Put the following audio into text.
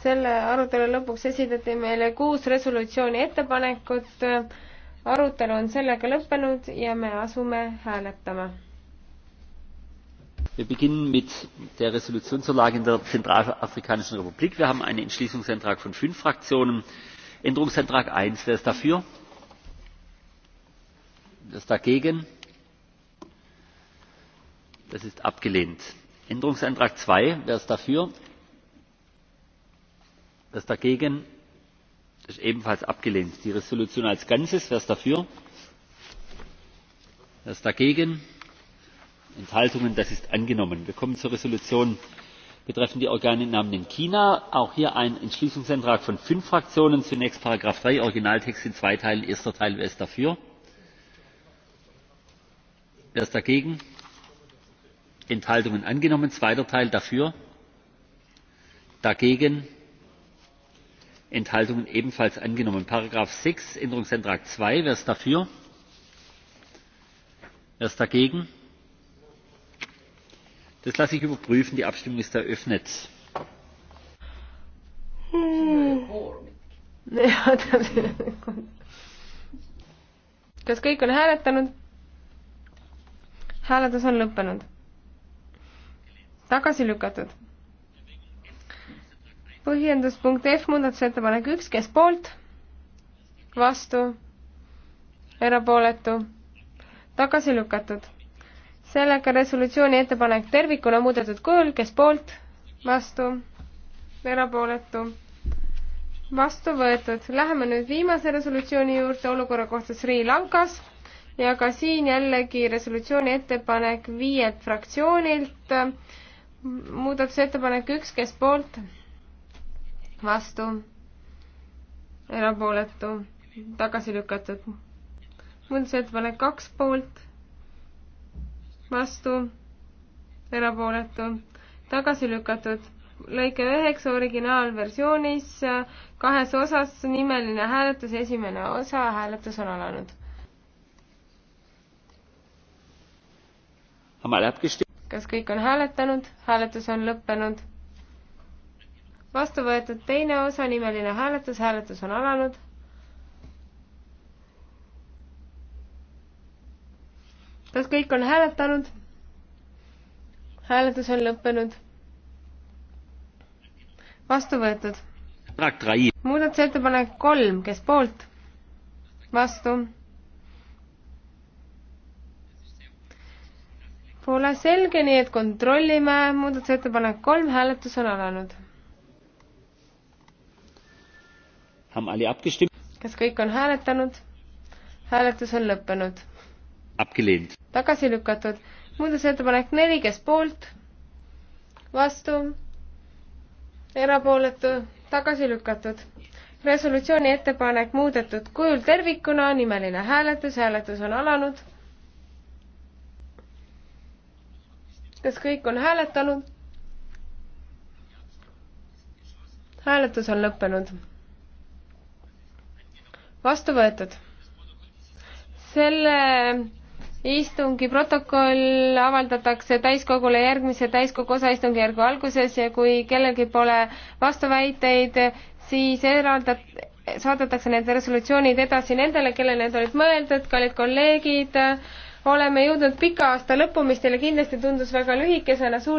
selle arutelu lõpuks esitati meile kuus resolutsiooni ettepanekut. arutelu on sellega lõppenud ja me asume hääletama. Wir beginnen mit der Resolutionsverlage in der Zentralafrikanischen Republik. Wir haben einen Entschließungsantrag von fünf Fraktionen. Änderungsantrag 1. Wer ist dafür? Wer ist dagegen? Das ist abgelehnt. Änderungsantrag 2. Wer ist dafür? wer ist dagegen? das ist ebenfalls abgelehnt. die entschließung als ganzes wer ist dafür? wer ist dagegen? enthaltungen? das ist angenommen. wir kommen zur entschließung betreffend die organentnahmen in china. auch hier ein entschließungsantrag von fünf fraktionen. zunächst paragraph drei originaltext in zwei teilen. erster teil wer ist dafür? wer ist dagegen? enthaltungen angenommen. zweiter teil dafür? dagegen? enthaltungen ebenfalls angenommen. paragraph sechs änderungsantrag zwei wer ist dafür? wer ist dagegen? das lasse ich überprüfen. die abstimmung ist eröffnet. kas kõik on hääletanud? hääletus on lõppenud. tagasi lükatud põhjendus punkt F, muudatusettepanek üks, kes poolt, vastu, erapooletu, tagasi lükatud. sellega resolutsiooni ettepanek tervikuna muudetud kujul, kes poolt, vastu, erapooletu, vastu võetud. Läheme nüüd viimase resolutsiooni juurde olukorra kohta Sri Lankas ja ka siin jällegi resolutsiooni ettepanek viielt fraktsioonilt. muudatusettepanek üks, kes poolt vastu, erapooletu, tagasi lükatud. muudatusettepanek kaks poolt, vastu, erapooletu, tagasi lükatud. lõike üheksa originaalversioonis kahes osas nimeline hääletus, esimene osa, hääletus on alanud. kas kõik on hääletanud, hääletus on lõppenud vastu võetud teine osa, nimeline hääletus, hääletus on alanud. kas kõik on hääletanud? hääletus on lõppenud. vastu võetud. muudatusettepanek kolm, kes poolt? vastu. Pole selge, nii et kontrollime, muudatusettepanek kolm, hääletus on alanud kas kõik on hääletanud? hääletus on lõppenud. tagasi lükatud. muudatusettepanek neli, kes poolt? vastu? erapooletu? tagasi lükatud. resolutsiooni ettepanek muudetud kujul tervikuna, nimeline hääletus, hääletus on alanud. kas kõik on hääletanud? hääletus on lõppenud vastu võetud. selle istungi protokoll avaldatakse täiskogule järgmise täiskogu osaistungjärgu alguses ja kui kellelgi pole vastuväiteid, siis eraldat-, saadetakse need resolutsioonid edasi nendele, kellele need olid mõeldud, kallid kolleegid, oleme jõudnud pika aasta lõppu, mis teile kindlasti tundus väga lühikesena, suur tänu!